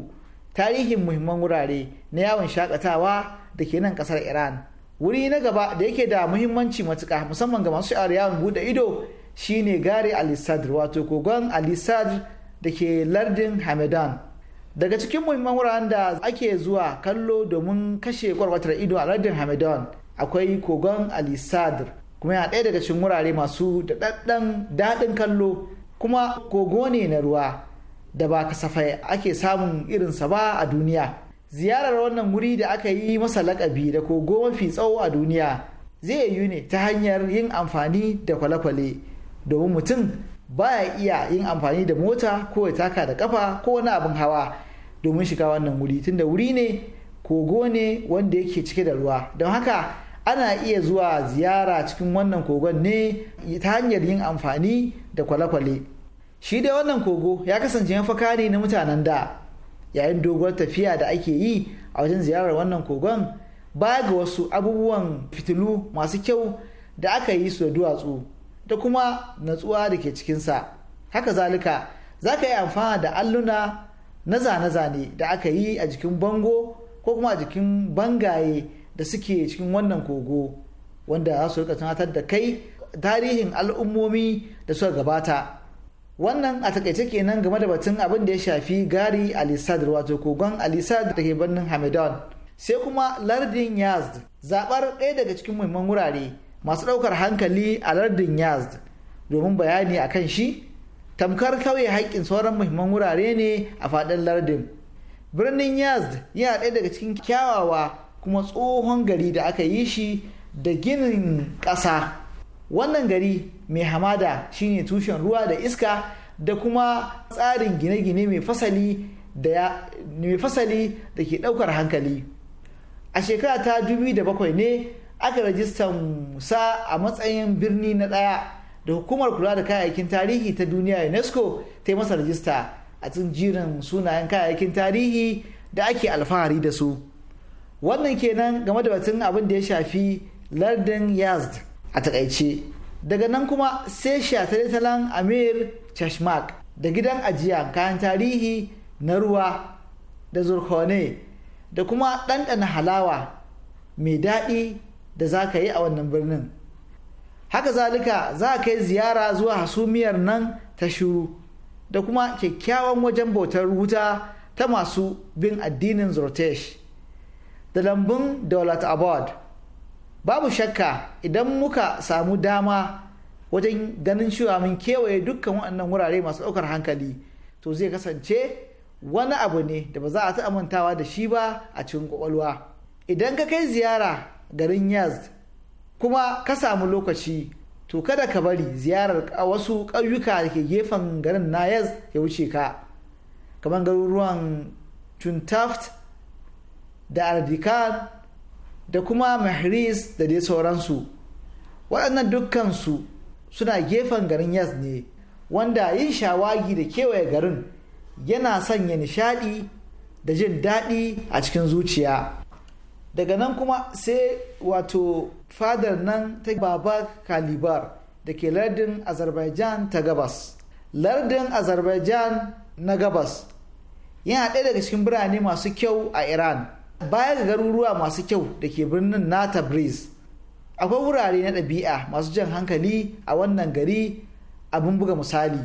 tarihin muhimman wurare na yawon shakatawa da ke nan kasar Iran wuri na gaba da yake da muhimmanci matuka musamman ga masu sha'awar yawon bude ido shine gare alisadr wato kogon alisadr da ke lardin hamadan daga cikin muhimman wuraren da ake zuwa kallo domin kashe kwarkwatar ido a lardin hamadan akwai kogon alisadr kuma ya ɗaya daga cikin wurare masu daɗaɗɗen daɗin kallo kuma kogo ne na ruwa da ba kasafai ake samun irinsa ba a duniya ziyarar wannan wuri da aka yi masa lakabi da kogo mafi tsawo a duniya zai yiwu ne ta hanyar yin amfani da kwale-kwale domin mutum baya iya yin amfani da mota ko ya taka da kafa ko wani abin hawa domin shiga wannan wuri tunda wuri ne kogo ne wanda yake cike da ruwa don haka ana iya zuwa ziyara cikin wannan kogon ne ta hanyar yin amfani da kwale-kwale shi dai wannan kogo ya kasance mafaka ne na mutanen da yayin doguwar tafiya da ake yi a wajen ziyarar wannan kogon ba ga wasu abubuwan fitilu masu kyau da aka yi su da duwatsu da kuma natsuwa da ke cikinsa haka zalika za ka yi amfana da alluna na zane-zane da aka yi a jikin bango ko kuma a jikin bangaye da suke cikin wannan kogo wanda za su rika tunatar da kai tarihin al'ummomi da suka gabata wannan a takaice kenan game da batun abin da ya shafi gari alisad wato kogon alisad da ke birnin hamadan sai kuma lardin yazd zaɓar ɗaya daga cikin muhimman wurare masu ɗaukar hankali a lardin yazd domin bayani a kan shi tamkar tauye haƙƙin sauran muhimman wurare ne a faɗin lardin birnin yazd yana ɗaya daga cikin kyawawa kuma tsohon gari da aka yi shi da ginin ƙasa wannan gari mai hamada shine tushen ruwa da iska da kuma tsarin gine-gine mai fasali da ke ɗaukar hankali a shekara ta 2007 ne aka rajistan musa a matsayin birni na ɗaya da hukumar kula da kayayyakin tarihi ta duniya unesco ta yi masa rajista a cikin jirin sunayen kayayyakin tarihi da ake alfahari da su wannan kenan game da batun abin da ya shafi lardin yazd a takaice daga nan kuma sai shataletalen amir chashmak da gidan ajiya kayan tarihi na ruwa da zurkone da kuma ɗanɗana halawa mai daɗi da za ka yi a wannan birnin haka zalika za ka yi ziyara zuwa hasumiyar nan ta shuru da kuma kyakkyawan wajen bautar wuta ta masu bin addinin zortesh da lambun daulat abad babu shakka idan muka samu dama wajen ganin cewa mun kewaye dukkan waɗannan wurare masu ɗaukar hankali to zai kasance wani abu ne da ba za a ta mantawa da shi ba a cikin kwakwalwa idan ka kai ziyara garin yaz kuma ka samu lokaci to kada ka bari ziyarar wasu ƙauyuka da ke gefen garin na yaz ya wuce ka kamar garuruwan tuntaft da ardikan da kuma mahris da dai sauransu waɗannan dukkansu suna gefen garin yas ne wanda yin shawagi da kewaye garin yana sanya nishaɗi da jin daɗi a cikin zuciya daga nan kuma sai wato fadar nan ta baba kalibar da ke lardin azerbaijan ta gabas lardin azerbaijan na gabas yana ɗaya daga cikin birane masu kyau a iran baya ga garuruwa masu kyau da ke birnin na tabriz akwai wurare na ɗabi'a masu jan hankali a wannan gari abin buga misali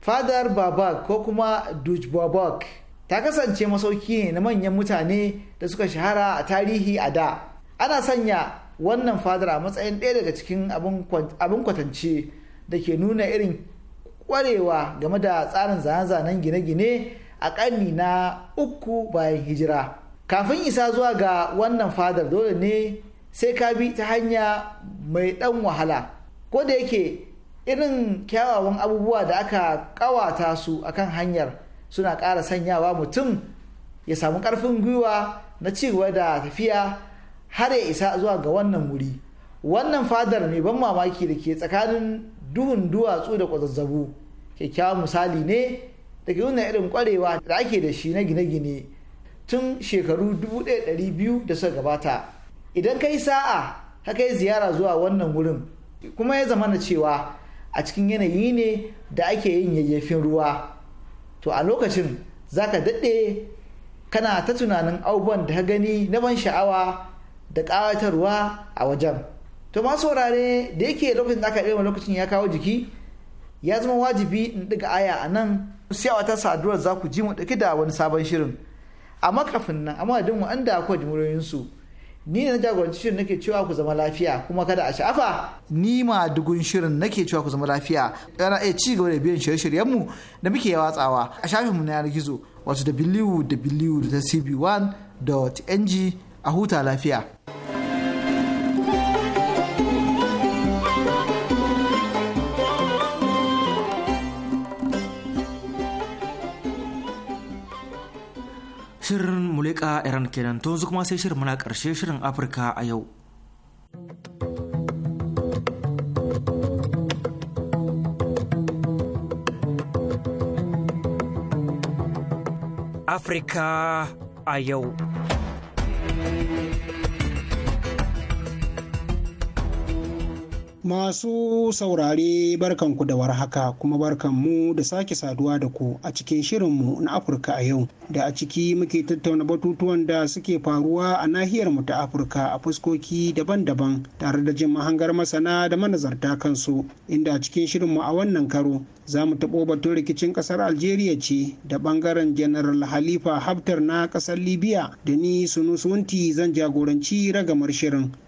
fadar babak ko kuma duj babak ta kasance masauki ne na manyan mutane da suka shahara a tarihi a da ana sanya wannan fadar a matsayin ɗaya daga cikin abin kwatance da ke nuna irin kwarewa game da tsarin zane-zanen gine-gine a ƙarni na uku bayan hijira kafin isa zuwa ga wannan fadar dole ne sai ka bi ta hanya mai ɗan wahala ko da yake irin kyawawan abubuwa da aka ƙawata su akan hanyar suna ƙara sanyawa mutum ya samu ƙarfin gwiwa na cigaba da tafiya har ya isa zuwa ga wannan wuri wannan fadar mai ban mamaki da ke tsakanin duhun duwatsu da kwazazzabu kyakkyawan misali ne daga nuna irin kwarewa da ake da shi na gine-gine tun shekaru 1200 da suka gabata idan ka sa'a ka kai ziyara zuwa wannan wurin kuma ya zama na cewa a cikin yanayi ne da ake yin yayyafin ruwa to a lokacin za ka daɗe kana ta tunanin abubuwan da ka gani na ban sha'awa da ƙawatarwa a wajen to masu wurare da yake lokacin da aka ɗaya lokacin ya kawo jiki ya zama wajibi in ɗiga aya a nan sai a wata saduwar za ku ji mu ɗauki da wani sabon shirin a makafin nan amma din wanda akwai jimuriyoyin su ni na jagoranci shirin nake cewa ku zama lafiya kuma kada a sha'afa ni ma dugun shirin nake cewa ku zama lafiya yana iya ci gaba da biyan shirye mu da muke watsawa a shafinmu na yanar gizo wato www.cb1.ng a huta lafiya. Shirin mulika Iran kenan to yanzu kuma sai shirin muna karshe shirin Afirka a yau. Afirka a yau. Masu saurare barkanku da warhaka kuma barkanmu da sake saduwa da ku a cikin shirinmu na Afirka a yau da a ciki muke tattauna batutuwan da suke faruwa a nahiyar mu ta Afirka a fuskoki daban-daban tare da jin mahangar masana da manazarta kansu inda a cikin shirinmu a wannan karo za mu taɓo batun rikicin ƙasar Algeria ce da ɓangaren General Halifa Haftar na ƙasar Libya da ni Sunusunti zan jagoranci ragamar shirin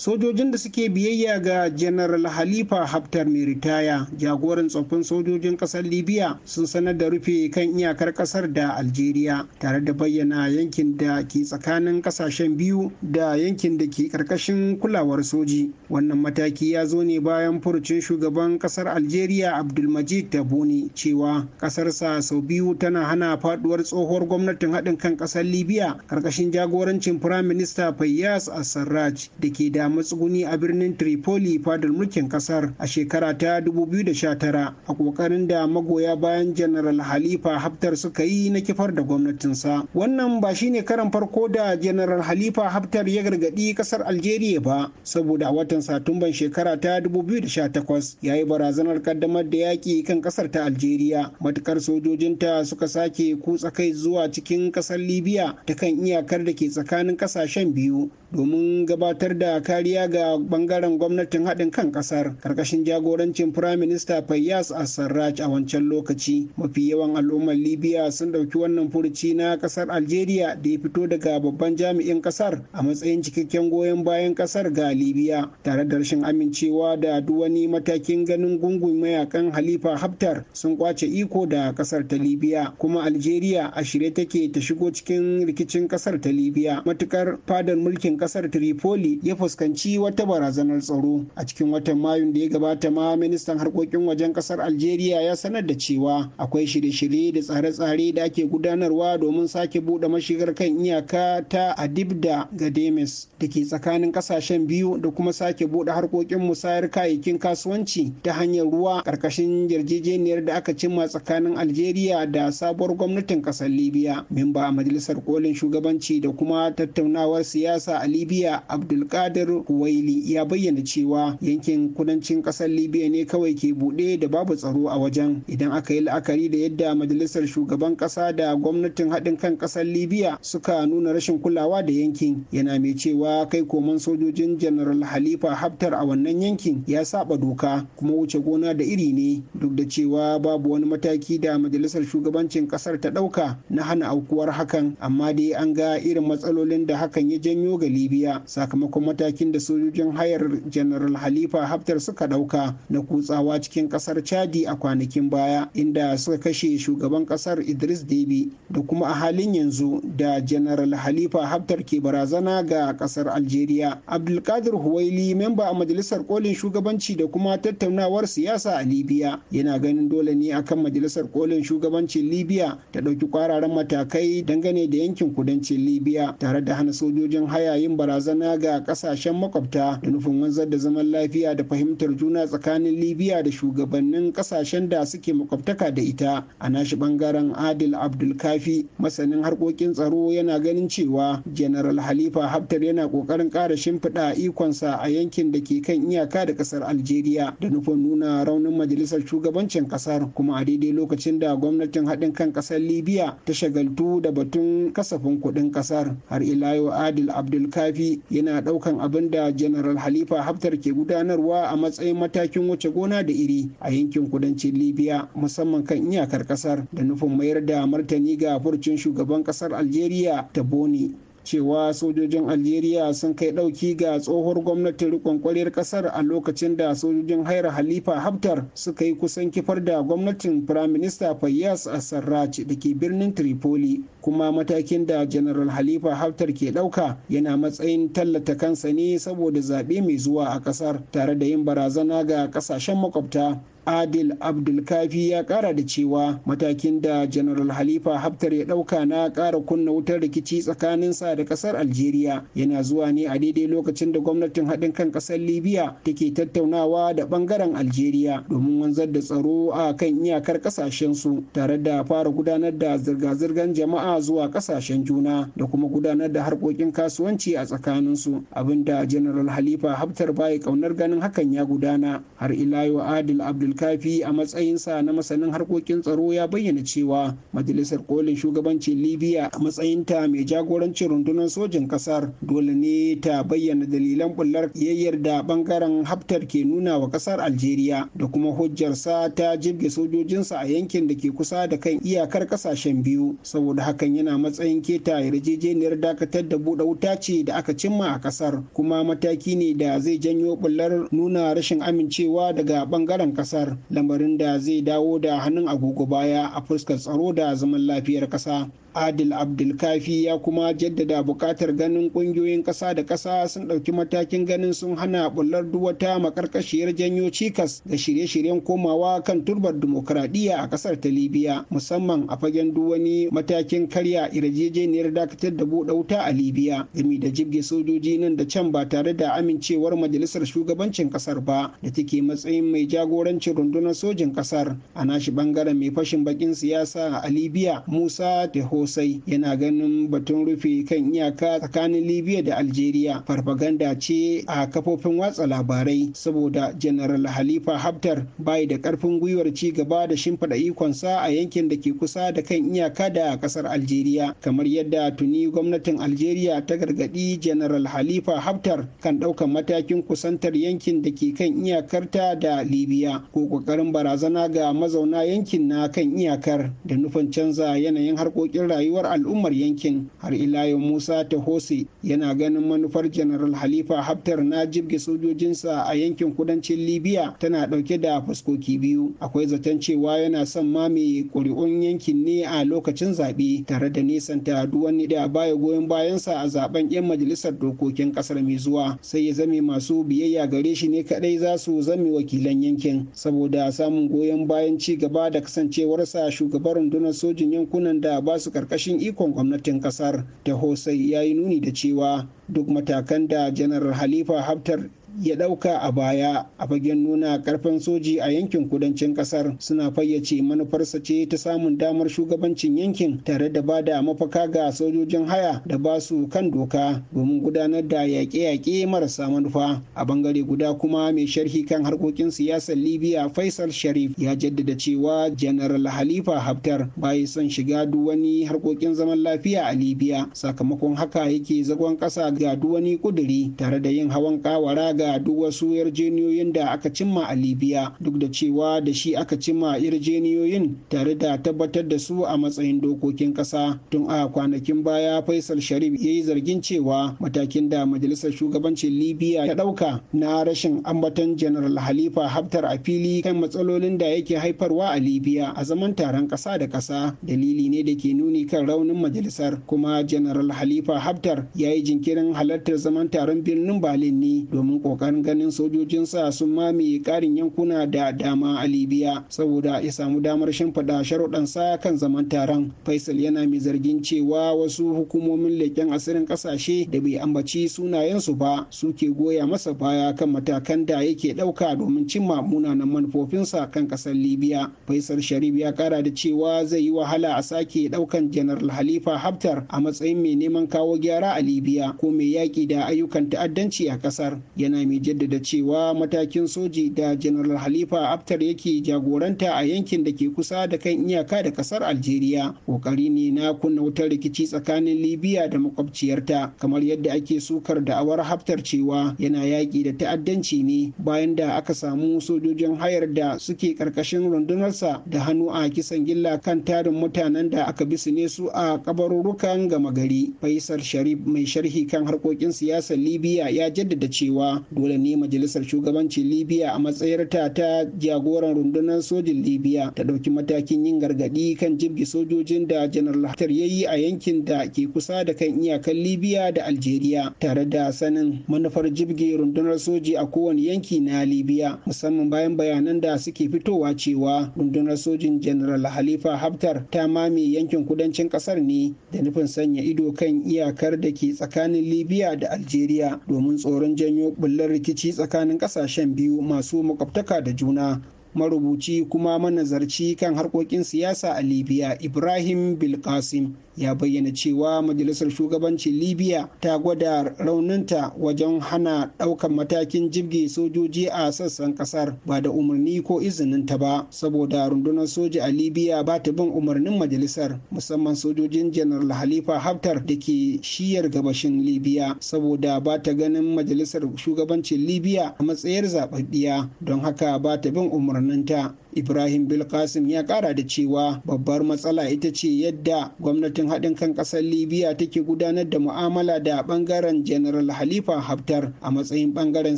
sojojin da suke biyayya ga general halifa haftar mai ritaya jagoran tsoffin sojojin kasar libya sun sanar da rufe kan iyakar kasar da algeria tare da bayyana yankin da ke tsakanin kasashen biyu da yankin da ke karkashin kulawar soji wannan mataki ya zo ne bayan furucin shugaban kasar algeria abdulmajid tabuni cewa kasarsa sau biyu tana hana faduwar tsohuwar gwamnatin haɗin kan kasar libya karkashin jagorancin firaminista fayyas assarraj da ke da matsuguni a birnin Tripoli fadar mulkin kasar a shekara ta 2019 a kokarin da magoya bayan General Halifa Haftar suka yi na kifar da gwamnatinsa. Wannan ba shine karan farko da General Halifa Haftar ya gargadi kasar Algeria ba saboda a watan Satumban shekara ta 2018 ya yi barazanar kaddamar da yaƙi kan kasar ta Algeria matukar sojojinta suka sake kutsa kai zuwa cikin kasar Libya ta kan iyakar da ke tsakanin ƙasashen biyu domin gabatar da kare kariya ga bangaren gwamnatin haɗin kan ƙasar karkashin jagorancin firaminista fayyas assarraj a wancan lokaci mafi yawan al'ummar libya sun ɗauki wannan furuci na ƙasar algeria da ya fito daga babban jami'in ƙasar a matsayin cikakken goyon bayan ƙasar ga libya tare da rashin amincewa da duk wani matakin ganin gungun mayakan halifa haftar sun kwace iko da ƙasar ta libya kuma algeria a shirye take ta shigo cikin rikicin ƙasar ta libya matukar fadar mulkin ƙasar tripoli ya fuskanci fuskanci wata barazanar tsaro a cikin watan mayu da ya gabata ma ministan harkokin wajen kasar algeria ya sanar da cewa akwai shirye-shirye da tsare-tsare da ake gudanarwa domin sake buɗe mashigar kan iyaka ta adibda ga demes da ke tsakanin kasashen biyu da kuma sake buɗe harkokin musayar kayayyakin kasuwanci ta hanyar ruwa ƙarƙashin yarjejeniyar da aka cimma tsakanin algeria da sabuwar gwamnatin kasar libya memba a majalisar kolin shugabanci da kuma tattaunawar siyasa a libya abdulkadir kuwaili ya bayyana cewa yankin kudancin kasar Libya ne kawai ke buɗe da babu tsaro a wajen idan aka yi la'akari da yadda majalisar shugaban kasa da gwamnatin haɗin kan kasar Libya suka nuna rashin kulawa da yankin yana mai cewa kai koman sojojin General Halifa Haftar a wannan yankin ya saba doka kuma wuce gona da iri ne duk da cewa babu wani mataki da majalisar shugabancin kasar ta ɗauka na hana aukuwar hakan amma dai an ga irin matsalolin da hakan ya janyo ga Libya sakamakon matakin da sojojin hayar general halifa haftar suka ɗauka na kutsawa cikin ƙasar chadi a kwanakin baya inda suka kashe shugaban ƙasar idris debi da kuma a halin yanzu da general halifa haftar ke barazana ga ƙasar algeria abdulkadir huwaili memba a majalisar kolin shugabanci da kuma tattaunawar siyasa a libya yana ganin dole ne akan majalisar kolin shugabancin libya ta ɗauki kwararan matakai dangane da yankin kudancin libya tare da hana sojojin haya yin barazana ga ƙasashen makwabta da nufin wanzar da zaman lafiya da fahimtar juna tsakanin libya da shugabannin kasashen da suke makwabtaka da ita a nashi bangaren adil abdulkafi masanin harkokin tsaro yana ganin cewa general halifa haftar yana kokarin kara shimfiɗa ikonsa a yankin da ke kan iyaka da kasar algeria da nufin nuna raunin majalisar shugabancin kasar kuma a daidai lokacin da gwamnatin haɗin kan kasar libya ta shagaltu da batun kasafin kuɗin kasar har ila yau adil abdulkafi yana ɗaukan abin abin da General Halifa Haftar ke gudanarwa a matsayin matakin wuce gona da iri a yankin kudancin Libya musamman kan iyakar kasar da nufin mayar da martani ga furcin shugaban kasar Algeria ta Boni cewa sojojin algeria sun kai ɗauki ga tsohuwar gwamnatin rikon kwaryar ƙasar a lokacin da sojojin hayar halifa haftar suka yi kusan kifar da gwamnatin firaminista fayyas a sarraj da ke birnin tripoli kuma matakin da general halifa haftar ke ɗauka yana matsayin tallata kansa ne saboda zaɓe mai zuwa a ƙasar tare da yin barazana ga ƙasashen makwabta adil abdulkafi ya kara da cewa matakin da general halifa haftar ya dauka na kara kunna wutar rikici tsakaninsa da kasar algeria yana zuwa ne a daidai lokacin da gwamnatin haɗin kan ƙasar libya take tattaunawa da ɓangaren algeria domin wanzar da tsaro a kan iyakar ƙasashensu tare da fara gudanar da zirga-zirgar jama'a zuwa ƙasashen juna da kuma gudanar da harkokin kasuwanci a tsakaninsu abinda general halifa haftar baya kaunar ganin hakan ya gudana har ila yau adil abdul alkafi a matsayinsa na masanin harkokin tsaro ya bayyana cewa majalisar kolin shugabancin libya a matsayinta mai jagorancin rundunar sojin kasar dole ne ta bayyana dalilan bullar yayyar da bangaren haftar ke nuna wa kasar algeria da kuma hujjarsa ta jirge sojojinsa a yankin da ke kusa da kan iyakar kasashen biyu saboda hakan yana matsayin keta yarjejeniyar dakatar da buɗe wuta ce da aka cimma a kasar kuma mataki ne da zai janyo bullar nuna rashin amincewa daga bangaren kasar kasar lamarin da zai dawo da hannun agogo baya a fuskar tsaro da zaman lafiyar kasa adil abdulkafi ya kuma jaddada buƙatar ganin ƙungiyoyin ƙasa da ƙasa sun ɗauki matakin ganin sun hana bullar duwata makarkashiyar janyo cikas da shirye-shiryen komawa kan turbar dimokuraɗiyya a ƙasar ta libya musamman a fagen duwani matakin karya yarjejeniyar dakatar da buɗe wuta a libya gami da jibge sojoji nan da can ba tare da amincewar majalisar shugabancin ƙasar ba da take matsayin mai jagorancin rundunar sojin ƙasar a nashi bangaren mai fashin bakin siyasa a libya musa teho sosai yana ganin batun rufe kan iyaka tsakanin libya da algeria farfaganda ce a kafofin watsa labarai saboda general halifa haftar bai da karfin gwiwar ci gaba da shimfiɗa ikonsa a yankin da ke kusa da kan iyaka da kasar algeria kamar yadda tuni gwamnatin algeria ta gargaɗi general halifa haftar kan ɗaukar matakin kusantar yankin da ke kan iyakarta da libya ko ƙoƙarin barazana ga mazauna yankin na kan iyakar da nufin canza yanayin harkokin rayuwar al'ummar yankin har ila yau musa tahose yana ganin manufar general halifa haftar na jibge sojojinsa a yankin kudancin libya tana dauke da fuskoki biyu akwai zaton cewa yana son mame ƙuri'un yankin ne a lokacin zaɓe tare da nisanta duk wani da baya goyon bayansa a zaben 'yan majalisar dokokin ƙasar mai zuwa sai ya zame masu biyayya gare shi ne kaɗai za su zame wakilan yankin saboda samun goyon bayan ci gaba da kasancewarsa shugaban rundunar sojin yankunan da ba su karkashin ikon gwamnatin kasar ta hosai ya yi nuni da cewa duk matakan da janar halifa haftar ya ɗauka a baya a fagen nuna karfin soji a yankin kudancin ƙasar suna fayyace manufarsa ce ta samun damar shugabancin yankin tare da ba da mafaka ga sojojin haya da ba su kan doka domin gudanar da yaƙe-yaƙe marasa manufa a bangare guda kuma mai sharhi kan harkokin siyasar libya faisal sharif ya jaddada cewa general halifa haftar bai son shiga duk wani harkokin zaman lafiya a libya sakamakon haka yake zagon ƙasa ga duk wani kuduri tare da yin hawan kawara ga duk wasu yarjeniyoyin da aka cimma a libya duk da cewa da shi aka cimma yarjeniyoyin tare da tabbatar da su a matsayin dokokin kasa? tun a kwanakin baya faisal sharif ya yi zargin cewa matakin da majalisar shugabancin libya ya ɗauka na rashin ambaton janaral halifa haftar a fili kan matsalolin da yake haifarwa a libya a zaman taron kasa da kasa dalili ne da ke nuni kan raunin majalisar kuma janaral halifa haftar ya yi jinkirin halartar zaman taron birnin berlin ne domin kokarin ganin sojojin sa sun mamaye karin yankuna da dama a libya saboda ya samu damar shimfiɗa sa kan zaman taron faisal yana mai zargin cewa wasu hukumomin leƙen asirin ƙasashe da bai ambaci sunayensu ba suke goya masa baya kan matakan da yake ɗauka domin cimma munanan manufofinsa kan ƙasar libya faisal sharif ya kara da cewa zai yi wahala a sake ɗaukan janar halifa haftar a matsayin mai neman kawo gyara a libya ko mai yaƙi da ayyukan ta'addanci a ƙasar yana tana mai jaddada cewa matakin soji da General Halifa Haftar yake jagoranta a yankin da ke kusa da kan iyaka da kasar Algeria kokari ne na kunna wutar rikici tsakanin Libya da makwabciyarta kamar yadda ake sukar da awar Haftar cewa yana yaƙi da ta'addanci ne bayan da aka samu sojojin hayar da suke ƙarƙashin rundunarsa da hannu a kisan gilla kan tarin mutanen da aka bi su ne su a kabarurrukan gama gari. Faisal Sharif mai sharhi kan harkokin siyasar Libya ya jaddada cewa dole ne majalisar shugabancin libya a matsayar ta ta jagoran rundunar sojin libya ta ɗauki matakin yin gargaɗi kan jibgi sojojin da janar haftar ya yi a yankin da ke kusa da kan iyakar libya da algeria tare da sanin manufar jibge rundunar soji a kowane yanki na libya musamman bayan bayanan da suke fitowa cewa rundunar sojin janar halifa haftar ta mame yankin kudancin kasar ne da nufin sanya ido kan iyakar da ke tsakanin libya da algeria domin tsoron janyo bulla bullar rikici tsakanin kasashen biyu masu makwabtaka da juna marubuci kuma manazarci kan harkokin siyasa a libya ibrahim bilkasim ya bayyana cewa majalisar shugabancin libya ta gwada rauninta wajen hana ɗaukan matakin jirgin sojoji a sassan ƙasar ba da umarni ko izinin ta ba saboda rundunar soja a libya ba ta bin umarnin majalisar musamman sojojin janar halifa haftar da ke shiyar gabashin libya saboda ba ta ganin majalisar shugabancin libya a matsayar zaɓaɓɓiya don haka ba ta bin umarni mukarrananta ibrahim bilkasim ya kara da cewa babbar matsala ita ce yadda gwamnatin haɗin kan ƙasar libya take gudanar da mu'amala da ɓangaren general halifa haftar a matsayin ɓangaren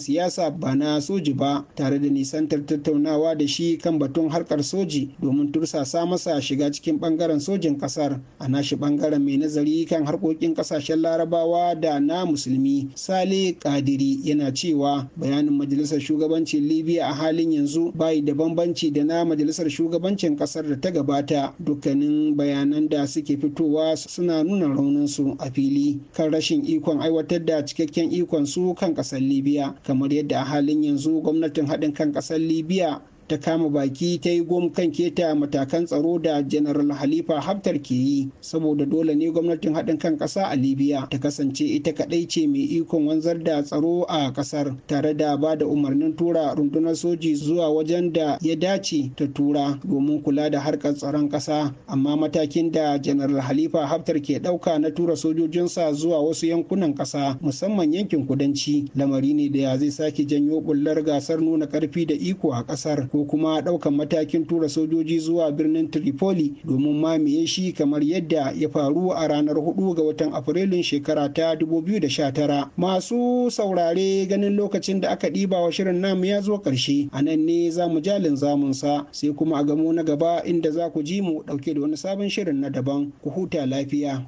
siyasa ba na soji ba tare da nisantar tattaunawa da shi kan batun harkar soji domin tursasa masa shiga cikin ɓangaren sojin ƙasar a nashi ɓangaren mai nazari kan harkokin ƙasashen larabawa da na musulmi sale kadiri yana cewa bayanin majalisar shugabancin libya a halin yanzu bai da da bambanci da na majalisar shugabancin kasar da ta gabata dukkanin bayanan da suke fitowa suna nuna rauninsu a fili kan rashin ikon aiwatar da cikakken ikon su kan kasar libya kamar yadda a halin yanzu gwamnatin haɗin kan kasar libya ta kama baki ta yi gom kan keta matakan tsaro da janaral halifa haftar ke yi saboda dole ne gwamnatin haɗin kan ƙasa a libya ta kasance ita kaɗai ce mai ikon wanzar da tsaro a ƙasar tare da ba da umarnin tura rundunar soji zuwa wajen da ya dace ta tura domin kula da harkar tsaron ƙasa amma matakin da janaral halifa haftar ke ɗauka na tura sojojinsa zuwa wasu yankunan ƙasa musamman yankin kudanci lamari ne da ya zai sake janyo bullar gasar nuna ƙarfi da iko a ƙasar ko kuma ɗaukan matakin tura sojoji zuwa birnin tripoli domin mamaye shi kamar yadda ya faru a ranar 4 ga watan afrilun shekara ta 2019 masu saurare ganin lokacin da aka ɗiba wa shirin namu ya zo ƙarshe a nan ne za mu jalin zamunsa sai kuma a gamo na gaba inda za ku ji mu ɗauke da wani sabon shirin na daban ku huta lafiya.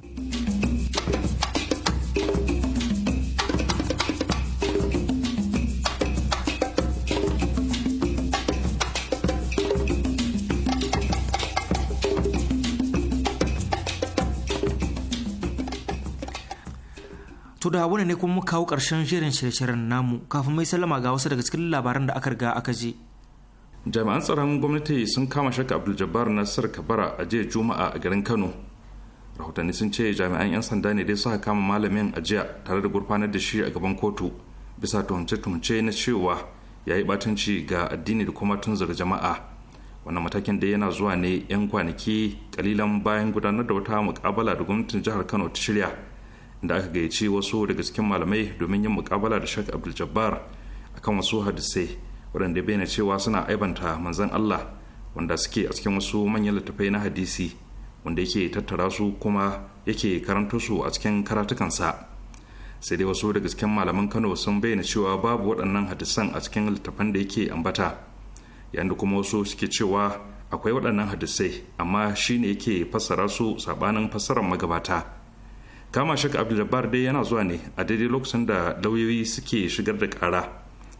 da wani ne kuma muka kawo ƙarshen shirin shirye-shiryen namu kafin mai sallama ga wasu daga cikin labaran da aka riga aka je. jami'an tsaron gwamnati sun kama shaka abdul-jabbar nasir kabara a jiya juma'a a garin kano rahotanni sun ce jami'an 'yan sanda ne dai suka kama malamin ajiya tare da gurfanar da shi a gaban kotu bisa tuhumce-tuhumce na cewa ya yi batanci ga addini da kuma tunzura jama'a wannan matakin da yana zuwa ne 'yan kwanaki kalilan bayan gudanar da wata mukabala da gwamnatin jihar kano ta shirya da aka gayyaci wasu daga cikin malamai domin yin mukabala da Sheikh Abdul Jabbar akan wasu hadisai waɗanda bayyana cewa suna aibanta manzon Allah wanda suke a cikin wasu manyan littattafai na hadisi wanda yake tattara su kuma yake karanto su a cikin karatukansa sai dai wasu daga cikin malaman Kano sun bayyana cewa babu waɗannan hadisan a cikin littattafan da yake ambata yayin da kuma wasu suke cewa akwai waɗannan hadisai amma shine yake fassara su sabanin fassarar magabata kama shek abdulbar dai yana zuwa ne a daidai lokacin da lauyoyi suke shigar da kara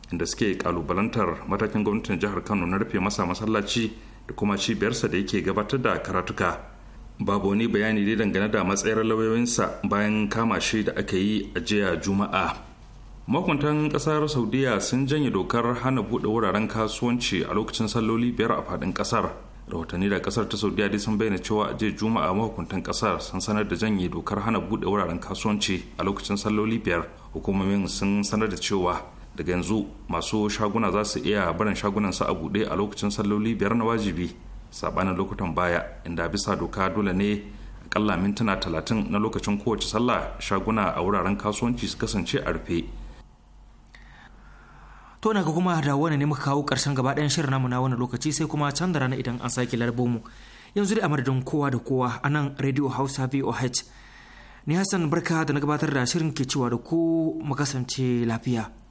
inda suke kalubalantar matakin gwamnatin jihar kano na rufe masa masallaci da kuma cibiyarsa da yake gabatar da karatuka babu wani bayani dai dangane da matsayar lauyoyinsa bayan kama shi da aka yi a jiya juma'a makuntan kasar saudiya sun janye dokar hana buɗe wuraren kasuwanci a lokacin salloli biyar a faɗin kasar rahotanni da kasar ta saudiya dai sun bayyana cewa jiya juma'a mahukuntan kasar sun sanar da janye dokar hana bude wuraren kasuwanci a lokacin salloli biyar hukumomin sun sanar da cewa daga yanzu masu shaguna za su iya barin shagunan su a bude a lokacin salloli biyar na wajibi sabanin lokutan baya inda bisa doka dole ne akalla mintuna talatin na lokacin kowace sallah shaguna a wuraren kasuwanci su kasance a rufe to na kuma da wani ne muka kawo karshen gaba ɗayan shirin namu na wani lokaci sai kuma can da rana idan an sake larbomu yanzu dai a madadin kowa da kowa a nan radio hausa voh ni hassan barka da na gabatar da shirin ke cewa da ku mu kasance lafiya